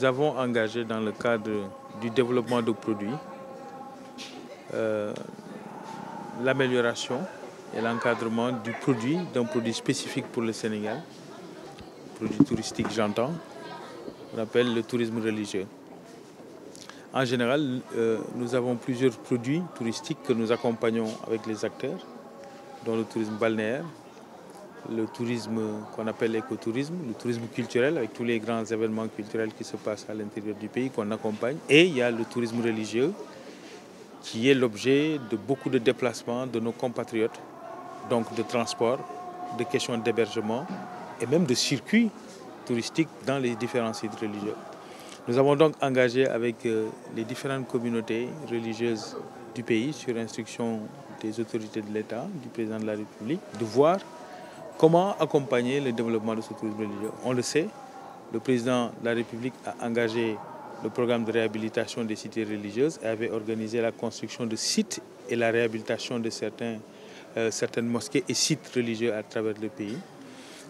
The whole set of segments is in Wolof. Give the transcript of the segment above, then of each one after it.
nous avons engagé dans le cadre du développement de produits euh, l'amélioration et l'encadrement du produit, d'un produit spécifique pour le Sénégal, produit touristique j'entends, on appelle le tourisme religieux. En général, euh, nous avons plusieurs produits touristiques que nous accompagnons avec les acteurs, dont le tourisme balnéaire, le tourisme qu'on appelle le tourisme culturel avec tous les grands événements culturels qui se passent à l'intérieur du pays qu'on accompagne. Et il y a le tourisme religieux qui est l'objet de beaucoup de déplacements de nos compatriotes, donc de transport, de questions d'hébergement et même de circuits touristiques dans les différents sites religieux. Nous avons donc engagé avec euh, les différentes communautés religieuses du pays, sur instruction des autorités de l'État, du président de la République, de Comment accompagner le développement de ce tourisme religieux On le sait, le président de la République a engagé le programme de réhabilitation des cités religieuses et avait organisé la construction de sites et la réhabilitation de certains, euh, certaines mosquées et sites religieux à travers le pays.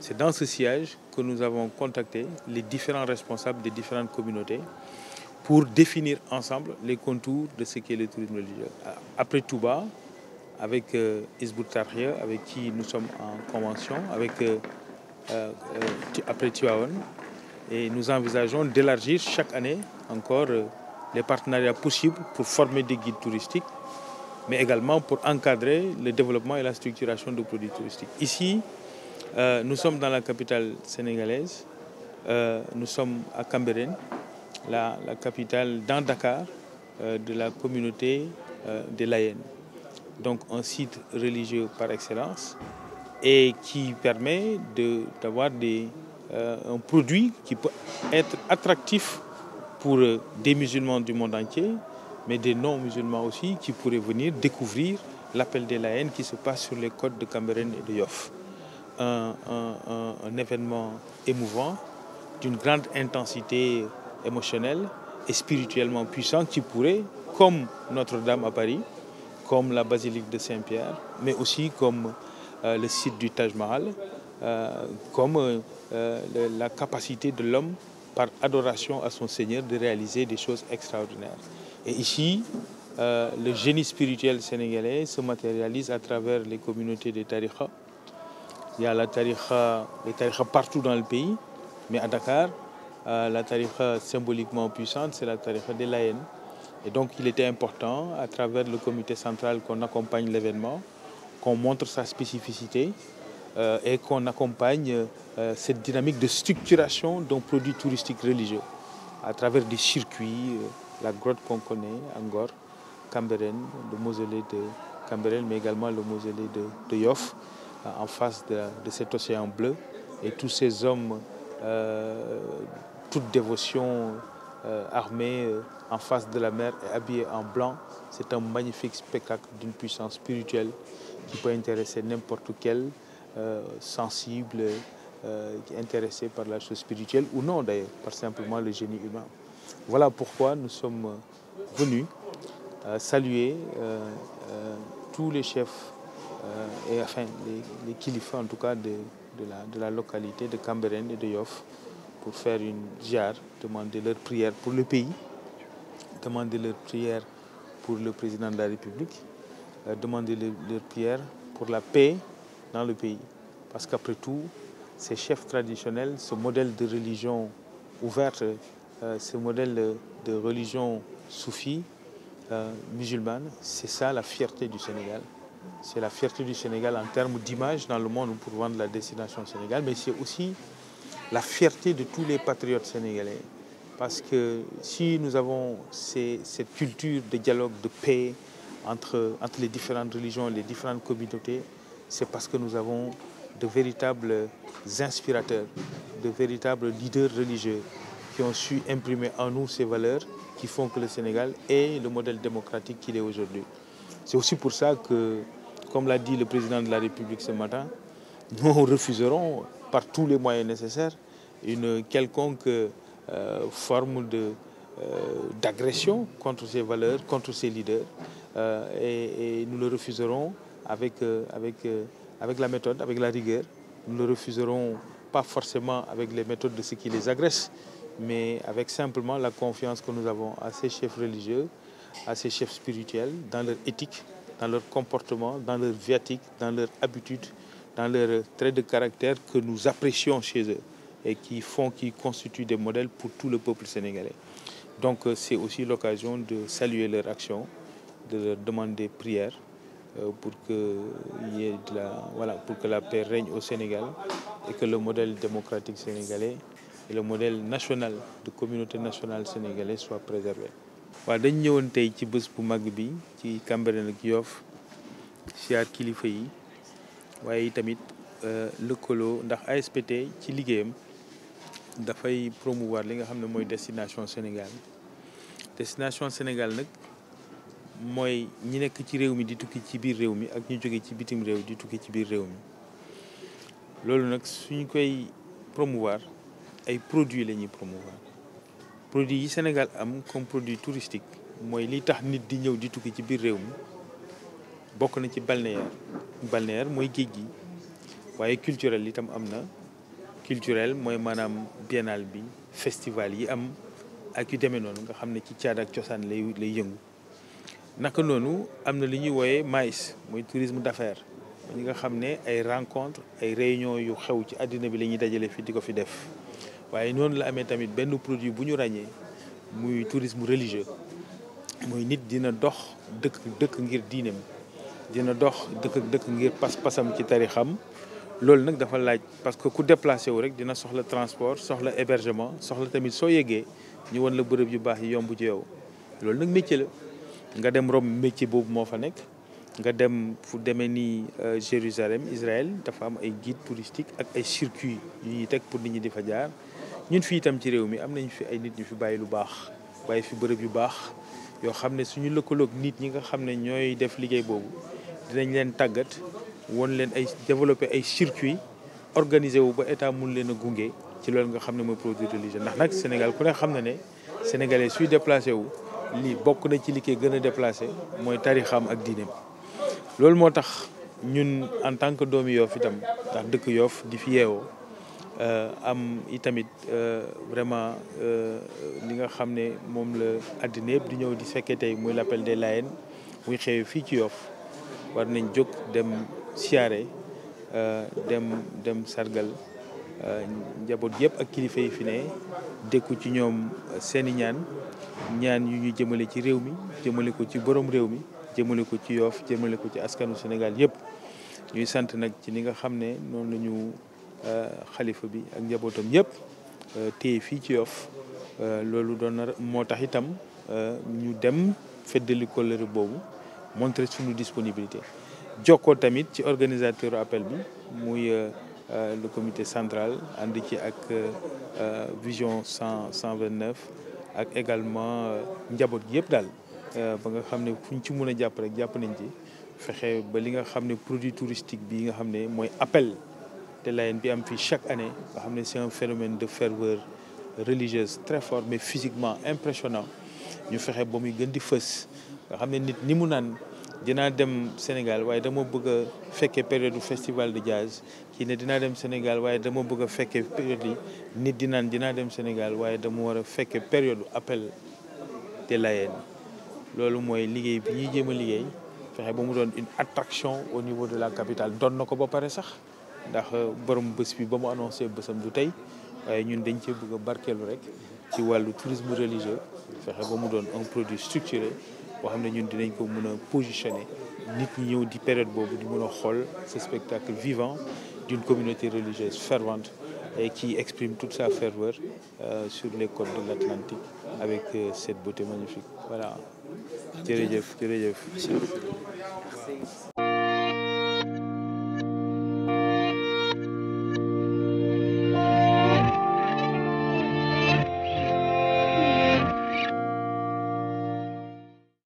C'est dans ce siège que nous avons contacté les différents responsables des différentes communautés pour définir ensemble les contours de ce qu'est le tourisme religieux. Après avec euh, Hizbut Tarqiyyah avec qui nous sommes en convention avec euh, euh, après Tivaouane et nous envisageons d'élargir chaque année encore les partenariats possibles pour former des guides touristiques mais également pour encadrer le développement et la structuration de produits touristiques. Ici, euh, nous sommes dans la capitale sénégalaise, euh, nous sommes à Cambérène, la, la capitale dans de la communauté des Layènes. donc un site religieux par excellence, et qui permet d'avoir de, euh, un produit qui peut être attractif pour euh, des musulmans du monde entier, mais des non-musulmans aussi qui pourraient venir découvrir l'appel de la haine qui se passe sur les côtes de Cameroun et de Yoff. Un, un, un, événement émouvant, d'une grande intensité émotionnelle et spirituellement puissant qui pourrait, comme Notre-Dame à Paris, comme la basilique de Saint-Pierre, mais aussi comme euh, le site du Taj Mahal, euh, comme euh, le, la capacité de l'homme, par adoration à son Seigneur, de réaliser des choses extraordinaires. Et ici, le génie spirituel sénégalais se matérialise à travers les communautés des tarikhas. Il y a la tarikha, partout dans le pays, mais à Dakar, la tarikha symboliquement puissante, c'est la tarikha des Laïens. Et donc il était important, à travers le comité central, qu'on accompagne l'événement, qu'on montre sa spécificité euh, et qu'on accompagne euh, cette dynamique de structuration d'un produit touristique religieux à travers des circuits, euh, la grotte qu'on connaît, Angor, Camberen, le mausolée de Camberen, mais également le mausolée de, de Yoff, euh, en face de, de, cet océan bleu, et tous ces hommes, euh, toute dévotion Euh, armée euh, en face de la mer et habillée en blanc. C'est un magnifique spectacle d'une puissance spirituelle qui peut intéresser n'importe quel euh, sensible, qui est intéressé par la chose spirituelle ou non d'ailleurs, par simplement le génie humain. Voilà pourquoi nous sommes venus saluer tous les chefs et enfin les, les kilifas en tout cas de, la, localité de Cambérène et de Yoff pour faire une jar, demander leur prière pour le pays, demander leur prière pour le président de la République, euh, demander leur, prière pour la paix dans le pays. Parce qu'après tout, ces chefs traditionnels, ce modèle de religion ouverte, euh, modèle de religion soufie, euh, musulmane, c'est ça la fierté du Sénégal. C'est la fierté du Sénégal en termes d'image dans le monde pour vendre la destination au Sénégal, mais c'est aussi la fierté de tous les patriotes sénégalais. Parce que si nous avons ces, cette culture de dialogue, de paix entre, entre les différentes religions, les différentes communautés, c'est parce que nous avons de véritables inspirateurs, de véritables leaders religieux qui ont su imprimer en nous ces valeurs qui font que le Sénégal est le modèle démocratique qu'il est aujourd'hui. C'est aussi pour ça que, comme l'a dit le président de la République ce matin, nous refuserons par tous les moyens nécessaires une quelconque euh, forme de euh, d'agression contre ces valeurs, contre ces leaders. Euh, et, et, nous le refuserons avec, euh, avec, avec la méthode, avec la rigueur. Nous le refuserons pas forcément avec les méthodes de ceux qui les agressent, mais avec simplement la confiance que nous avons à ces chefs religieux, à ces chefs spirituels, dans leur éthique, dans leur comportement, dans leur viatique, dans leur habitude. dans leurs traits de caractère que nous apprécions chez eux et qui font, qui constituent des modèles pour tout le peuple sénégalais. Donc euh, c'est aussi l'occasion de saluer leur action, de leur demander prière euh, pour que, la, voilà, pour que la paix règne au Sénégal et que le modèle démocratique sénégalais et le modèle national de communauté nationale sénégalaise soit préservé. waaw dañ ñëwoon tey ci bés bu mag bi ci Cambérène ak Yoff siyaar kilifa yi waaye tamit euh, lëkkaloo ndax ASPT ci liggéeyam dafay promouvoir li nga xam ne mooy destination Sénégal destination Sénégal nag mooy ñi nekk ci réew mi di tukki ci biir réew mi ak ñu jóge ci bitim réew di tukki ci biir réew mi loolu nag suñu koy promouvoir ay produits la ñuy promouvoir produits yi Sénégal am comme produit touristique mooy li tax nit di ñëw di tukki ci biir réew mi bokk na ci balnéaire balnéaire mooy géej gi waaye culturel itam am na culturel mooy maanaam biennale bi festival yi am ak yu demee noonu nga xam ne ci caada ak cosaan lay lay yëngu naka noonu am na li ñuy wooyee MAIS mooy tourisme d'affaires ñi nga xam ne ay rencontre ay réunion yu xew ci àddina bi la ñuy dajale fi di ko fi def waaye noonu la amee tamit benn produit bu ñu ràññee muy tourisme religieux mooy nit dina dox dëkk dëkk ngir diineem dina dox dëkk ak dëkk ngir pas-pasam ci tarixam loolu nag dafa laaj parce que ku déplacé wu rek dina soxla transport soxla hébergement soxla tamit soo yegee ñu wan la bërëb yu baax yi yomb ci yow loolu nag métier la nga dem Rome métier boobu moo fa nekk nga dem fu demee ni euh, Jérusalem Israël dafa am ay guide touristique ak ay circuit yu ñuy teg pour nit ñi di fa jaar ñun fii itam ci réew mi am nañ fi ay nit ñu fi bàyyi lu baax bàyyi fi bërëb yu baax yoo xam ne suñu lëkkaloog nit ñi nga xam ne ñooy def liggéey boobu dinañ leen tàggat woon leen ay développer ay circuit organiser wu ba état mun leen a gunge ci loolu nga xam ne mooy produit de l'hygiène ndax nag xam na ne sénégalais suy déplacé wu lii bokk na ci li koy gën a déplacé mooy tarixam ak diineem loolu moo tax ñun en tant que doomi yoof itam ndax dëkk yoof di fi yeewoo euh, am itamit euh, vraiment euh, li nga xam ne moom la àddina yëpp di ñëw di fekkee tey muy l'appel des Layènes muy xew fii ci yoof war nañ jóg dem siyaare euh, dem dem sargal euh, njaboot yëpp ak kilifa yi fi ne dékku ci ñoom seeni ñaan ñaan yu ñu jëmale ci réew mi jëmale ko ci boroom réew mi jëmale ko ci yoof jëmale ko ci askanu senegal yëpp ñuy sant nag ci ni nga xam ne noonu la ñu euh, xalifa bi ak njabootam yëpp téye fii ci yoof loolu doon na moo tax itam ñu dem feddali kóllëre boobu montré suñu disponibilité jokkoo tamit ci organisateur appel bi muy euh, euh, le comité central ànd ci ak euh, vision cent cent vingt neuf ak également njaboot gi yëpp daal ba nga xam ne fuñ ci mun a jàpp rek jàpp nañ ci fexe ba li nga xam ne produit touristique bi nga xam ne mooy appel te Layène bi am fii chaque année nga xam ne c'est un phénomène de ferveur religieuse très fort mais physiquement impressionnant ñu fexe ba muy gën di fës nga xam ne nit ni mu naan dinaa dem Sénégal waaye dama bëgg a fekkee période du festival de jazz kii ne dinaa dem Sénégal waaye dama bëgg a fekkee période nit di naan dinaa dem Sénégal waaye dama war a fekkee période appel des Layènes loolu mooy liggéey bi ñuy jéem a liggéey fexe ba mu doon une attraction au niveau de la capital doon na ko ba pare sax ndax euh, borom bés bi ba mu annoncé bësam du tey waaye ñun dañ cee bëgg a barkeelu rek ci wàllu tourisme religieux fexe ba mu doon un produit structuré boo xam ne ñun dinañ ko mën a positionner nit ñi ñëw di période boobu di mën a xool ce spectacle vivant d'une communauté religieuse fervente et qui exprime toute sa ferveur euh, sur les côtes de l'Atlantique avec euh, cette beauté magnifique voilà jërëjëf jërëjëf